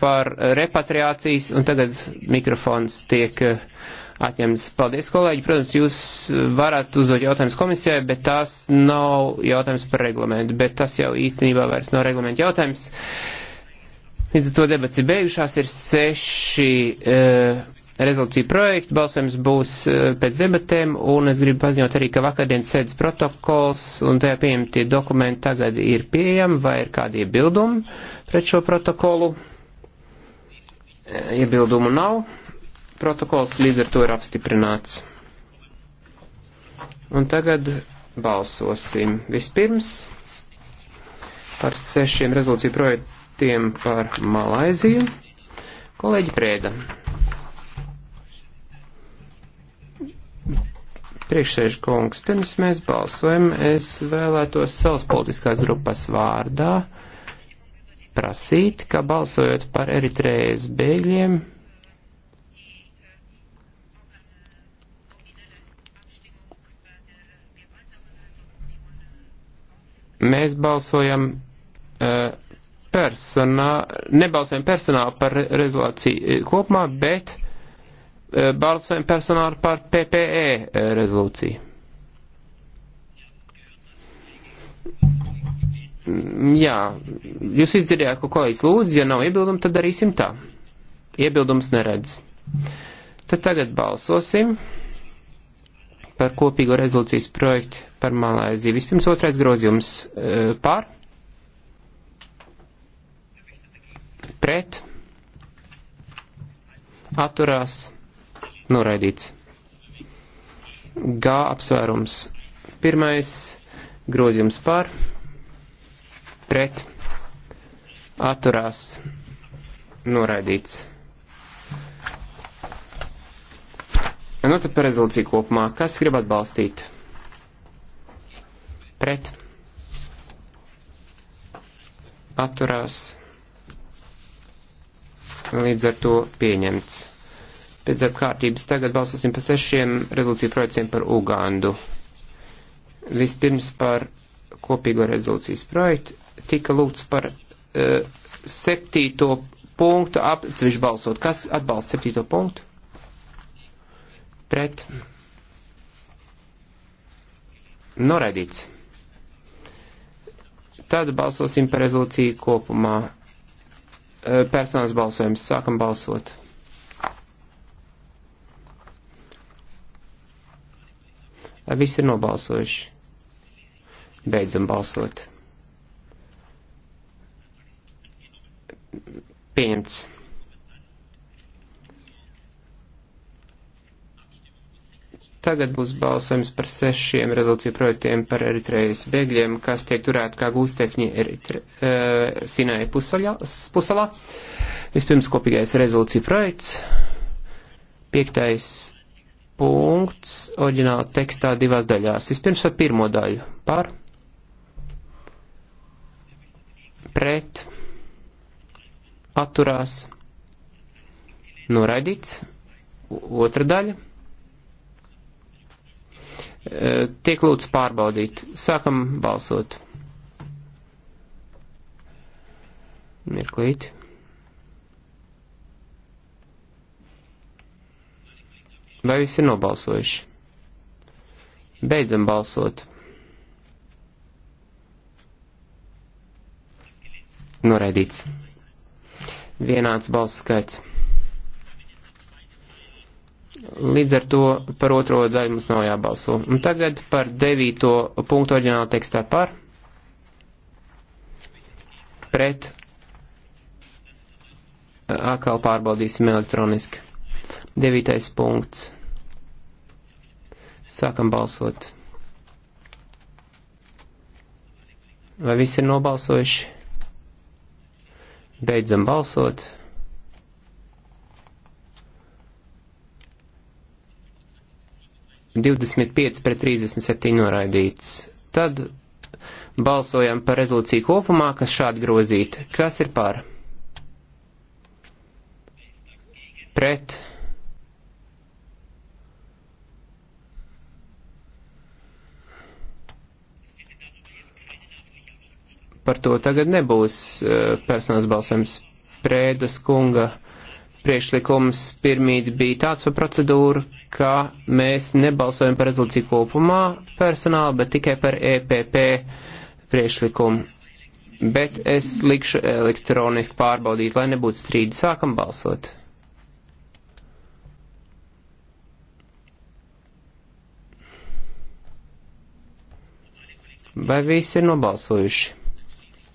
par repatriācijas, un tagad mikrofons tiek eh, atņemts. Paldies, kolēģi. Protams, jūs varat uzdot jautājumus komisijai, bet tās nav jautājums par reglamentu, bet tas jau īstenībā vairs nav reglamentu jautājums. Līdz ar to debats ir beigušās, ir seši uh, rezolūcija projekti, balsojums būs uh, pēc debatēm, un es gribu paziņot arī, ka vakardienas sēdes protokols un tajā pieņemtie dokumenti tagad ir pieejami, vai ir kādi iebildumi pret šo protokolu. Iebildumu nav. Protokols līdz ar to ir apstiprināts. Un tagad balsosim vispirms par sešiem rezolūciju projektiem par Malaiziju. Kolēģi Prēda. Priekšsēžu kungs, pirms mēs balsojam, es vēlētos savas politiskās grupas vārdā prasīt, ka balsojot par Eritrejas bēgļiem, mēs balsojam uh, eh, personā, nebalsojam personāli par rezolāciju eh, kopumā, bet uh, balsojam personāli par PPE rezolūciju. Mm, jā, jūs izdarījāt, ko kolēģis lūdz, ja nav iebildumu, tad darīsim tā. Iebildums neredz. Tad tagad balsosim par kopīgo rezolūcijas projektu par Malēziju. Vispirms otrais grozījums eh, pār. Pret. Atturās. Noraidīts. G apsvērums. Pirmais grozījums pār pret atturās noraidīts. Nu, tad par rezolūciju kopumā. Kas grib atbalstīt? Pret. Atturās. Līdz ar to pieņemts. Pēc darba kārtības tagad balsosim par sešiem rezolūciju projektiem par Ugandu. Vispirms par kopīgo rezolūcijas projektu tika lūgts par uh, septīto punktu atsevišķi balsot. Kas atbalsta septīto punktu? Pret. Noraidīts. Tad balsosim par rezolūciju kopumā. Uh, e, personas balsojums. Sākam balsot. Visi ir nobalsojuši. Beidzam balsot. pieņemts. Tagad būs balsojums par sešiem rezolūciju projektiem par Eritrejas bēgļiem, kas tiek turēti kā gūstekņi Eritre, uh, Sinai pusaļā, pusalā. Vispirms kopīgais rezolūciju projekts, piektais punkts, oriģināla tekstā divās daļās. Vispirms par pirmo daļu, par, pret, atturās noraidīts. Otra daļa. E, tiek lūdzu pārbaudīt. Sākam balsot. Mirklīt. Vai visi ir nobalsojuši? Beidzam balsot. Noraidīts vienāds balss skaits. Līdz ar to par otro daļu mums nav jābalso. Un tagad par devīto punktu oriģināla tekstā par. Pret. Atkal pārbaudīsim elektroniski. Devītais punkts. Sākam balsot. Vai visi ir nobalsojuši? Beidzam balsot. Divdesmit pieci pret trīsdesmit septiņi noraidīts. Tad balsojam par rezolūciju kopumā, kas šādi grozīta. Kas ir par? Pret. par to tagad nebūs eh, personas balsojums. Prēdas kunga priekšlikums pirmīt bija tāds par procedūru, ka mēs nebalsojam par rezolūciju kopumā personāli, bet tikai par EPP priekšlikumu. Bet es likšu elektroniski pārbaudīt, lai nebūtu strīdi. Sākam balsot. Vai visi ir nobalsojuši?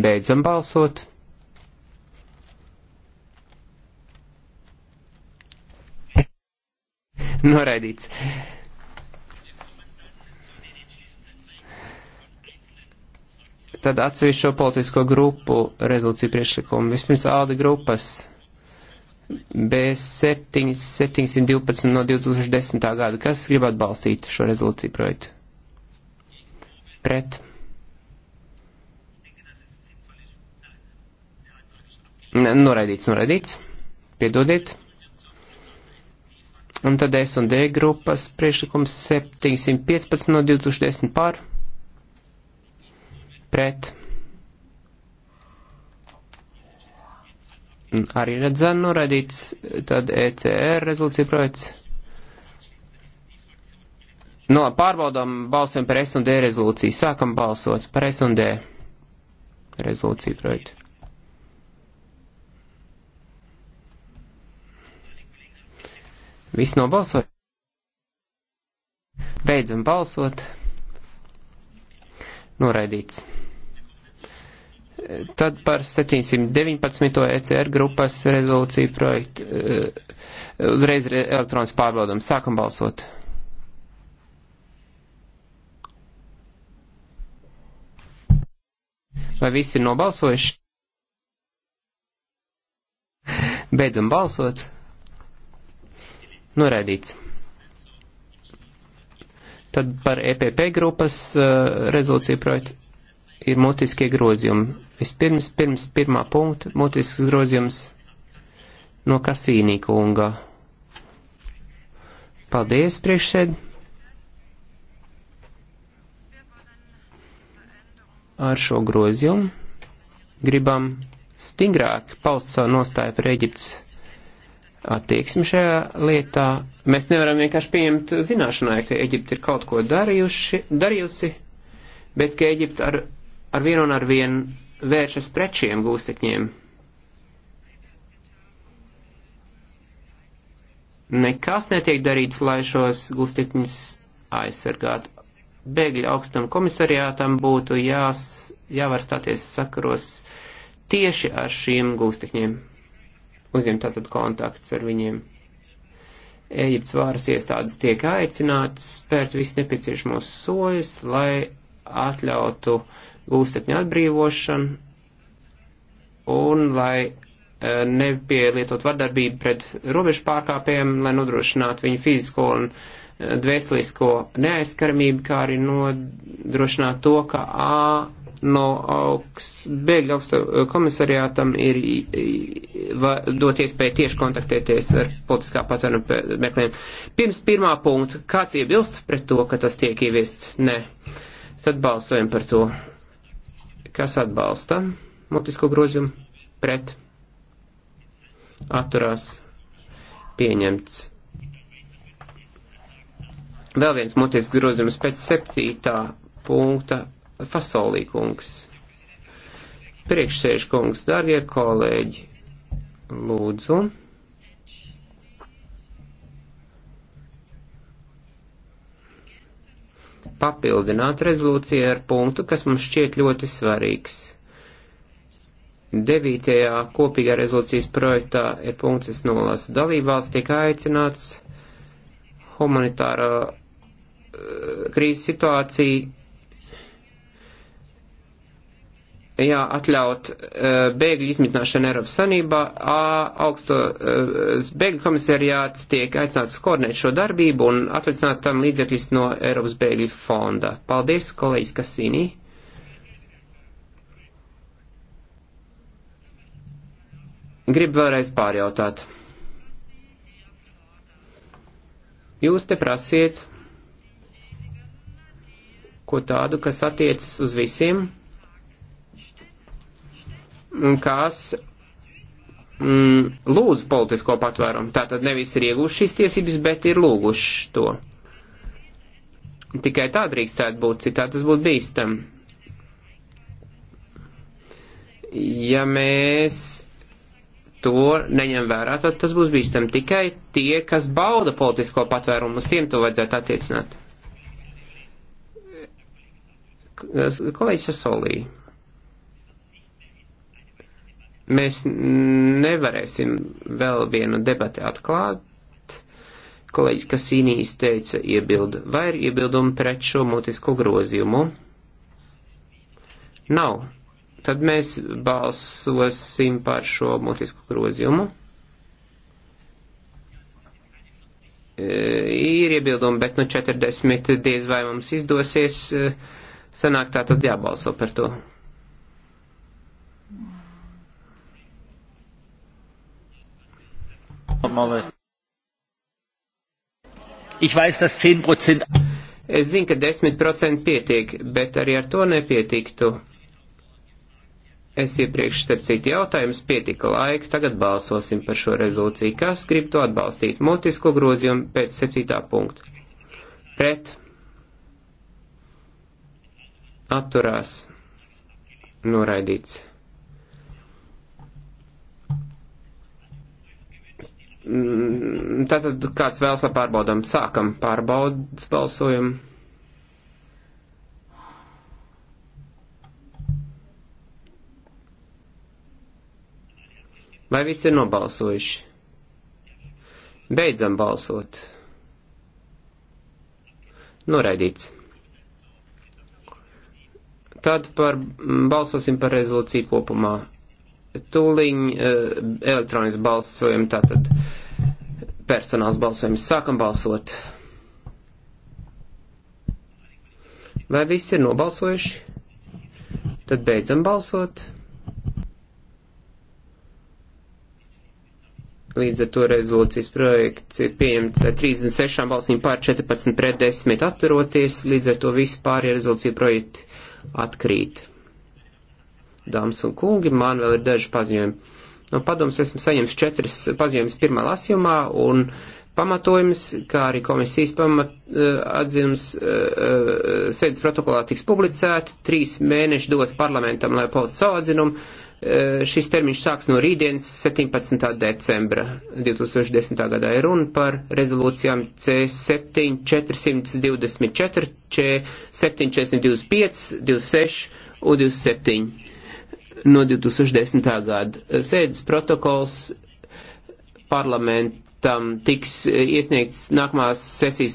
Beidzam balsot. Noraidīts. Tad atsevišķo politisko grupu rezolūciju priekšlikumu. Vispirms ALDE grupas B7, 712 no 2010. gada. Kas grib atbalstīt šo rezolūciju projektu? Pret Noraidīts, noraidīts. Piedodiet. Un tad S un D grupas priekšlikums 715 no 2010 pār. Pret. Arī redzēm noraidīts. Tad ECR rezolūcija projekts. No, pārbaudām balsojam par S un D rezolūciju. Sākam balsot par S un D rezolūciju projektu. Viss nobalsoja. Beidzam balsot. Noraidīts. Tad par 719. ECR grupas rezolūciju projektu. Eh, uzreiz elektronisku pārbaudam. Sākam balsot. Vai visi ir nobalsojuši? Beidzam balsot. Noraidīts. Tad par EPP grupas uh, rezolūciju projektu ir mutiskie grozījumi. Vispirms, pirms pirmā punkta, mutisks grozījums no Kasīnī kunga. Paldies, priekšsēd. Ar šo grozījumu gribam stingrāk paust savu nostāju par Eģiptes attieksmi šajā lietā. Mēs nevaram vienkārši pieņemt zināšanai, ka Eģipte ir kaut ko darījuši, darījusi, bet ka Eģipte ar, ar vienu un ar vienu vēršas pret šiem gūstekņiem. Nekas netiek darīts, lai šos gūstekņus aizsargātu. Bēgļu augstam komisariātam būtu jās, jāvar stāties sakaros tieši ar šiem gūstekņiem uzņemt tātad kontakts ar viņiem. Ēģiptes vāras iestādes tiek aicinātas spērt visu nepieciešamos soļus, lai atļautu gūstekņu atbrīvošanu un lai e, nepielietot vardarbību pret robežu pārkāpējiem, lai nodrošinātu viņu fizisko un e, dvēselisko neaizskaramību, kā arī nodrošināt to, ka no augst, bēgļu augsta komisariātam ir va, dot iespēju tieši kontaktēties ar politiskā patvēruma meklējumiem. Pirms pirmā punkta, kāds iebilst pret to, ka tas tiek ieviests? Nē. Tad balsojam par to. Kas atbalsta mutisko grozījumu? Pret. Atturās. Pieņemts. Vēl viens mutisks grozījums pēc septītā punkta Fasolīkungs. Priekšsēžkungs, darbie kolēģi, lūdzu. Papildināt rezolūciju ar punktu, kas mums šķiet ļoti svarīgs. Devītajā kopīgā rezolūcijas projektā ir punkts, es nolasu. Dalībvalsts tiek aicināts humanitāra eh, krīzes situācija jāatļaut eh, bēgļu izmitināšanu Eiropas Sanībā. Augstos eh, bēgļu komisariāts tiek aicināts koordinēt šo darbību un atlicināt tam līdzekļus no Eiropas bēgļu fonda. Paldies, kolēģis Kasīnī. Gribu vēlreiz pārjautāt. Jūs te prasiet ko tādu, kas attiecas uz visiem kas mm, lūdz politisko patvērumu. Tātad nevis ir iegūši šīs tiesības, bet ir lūguši to. Tikai tā drīkstētu būt, citā tas būtu bīstam. Ja mēs to neņem vērā, tad tas būs bīstam tikai tie, kas bauda politisko patvērumu, uz tiem to vajadzētu attiecināt. Kolēģis Sasolī. Mēs nevarēsim vēl vienu debati atklāt. Kolēģis Kasīnī izteica iebildu. Vai ir iebildumi pret šo mutisko grozījumu? Nav. Tad mēs balsosim par šo mutisku grozījumu. E, ir iebildumi, bet nu 40 diez vai mums izdosies e, sanākt tā tad jābalso par to. Es zinu, ka 10% pietiek, bet arī ar to nepietiktu. Es iepriekš starp citu jautājumus pietika laika, tagad balsosim par šo rezolūciju. Kas grib to atbalstīt? Mutisko grozījumu pēc 7. punktu. Pret. Atturās. Noraidīts. Mm, tātad kāds vēlas, lai pārbaudām? Sākam pārbaudas balsojumu. Vai visi ir nobalsojuši? Beidzam balsot. Noraidīts. Tad par, mm, balsosim par rezolūciju kopumā. Tūliņ eh, elektronisks balsojums tātad personāls balsojums. Sākam balsot. Vai visi ir nobalsojuši? Tad beidzam balsot. Līdz ar to rezolūcijas projekts ir pieņemts ar 36 balsīm pār 14 pret 10 atturoties, līdz ar to visi pārējie rezolūcija projekti atkrīt. Dāmas un kungi, man vēl ir daži paziņojumi. No padoms esmu saņēmis četras paziņojumus pirmā lasījumā un pamatojums, kā arī komisijas pamat, eh, atzinums eh, eh, sēdes protokolā tiks publicēti, trīs mēneši dot parlamentam, lai paustu savu atzinumu. Šis termiņš sāks no rītdienas 17. decembra 2010. gadā ir runa par rezolūcijām C7 424, C7 425, 26 un 27 no 2010. gada. Sēdes protokols parlamentam tiks iesniegts nākamās sesijas